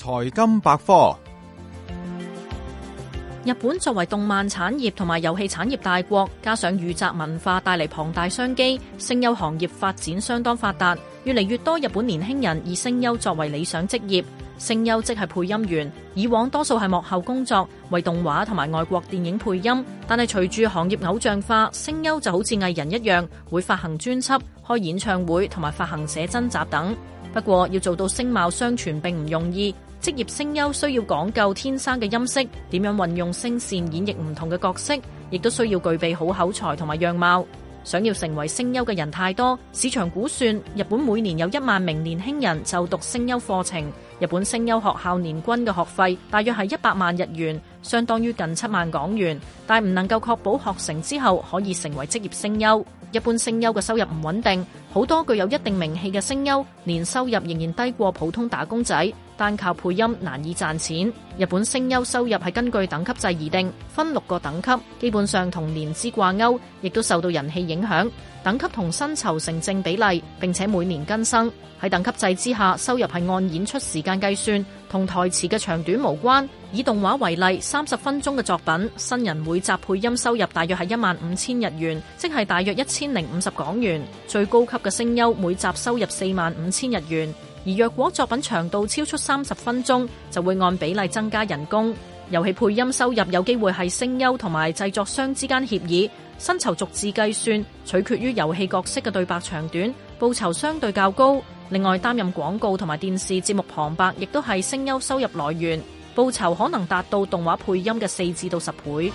財金百科，日本作為動漫產業同埋遊戲產業大國，加上御宅文化帶嚟龐大商機，聲優行業發展相當發達。越嚟越多日本年輕人以聲優作為理想職業。聲優即係配音員，以往多數係幕後工作，為動畫同埋外國電影配音。但係隨住行業偶像化，聲優就好似藝人一樣，會發行專輯、開演唱會同埋發行寫真集等。不過要做到聲貌相傳，並唔容易。職業聲優需要講究天生嘅音色，點樣運用聲線演繹唔同嘅角色，亦都需要具備好口才同埋樣貌。想要成為聲優嘅人太多，市場估算，日本每年有一萬名年輕人就讀聲優課程。日本聲優學校年均嘅學費大約係一百萬日元，相當於近七萬港元，但唔能夠確保學成之後可以成為職業聲優。一般聲優嘅收入唔穩定，好多具有一定名氣嘅聲優年收入仍然低過普通打工仔。單靠配音難以賺錢。日本聲優收入係根據等級制而定，分六個等級，基本上同年資掛鈎，亦都受到人氣影響。等級同薪酬成正比例，並且每年更新。喺等級制之下，收入係按演出時間計算，同台詞嘅長短無關。以動畫為例，三十分鐘嘅作品，新人每集配音收入大約係一萬五千日元，即係大約一千零五十港元。最高級嘅聲優每集收入四萬五千日元。而若果作品長度超出三十分鐘，就會按比例增加人工。遊戲配音收入有機會係聲優同埋製作商之間協議，薪酬逐字計算，取決於遊戲角色嘅對白長短，報酬相對較高。另外，擔任廣告同埋電視節目旁白，亦都係聲優收入來源，報酬可能達到動畫配音嘅四至到十倍。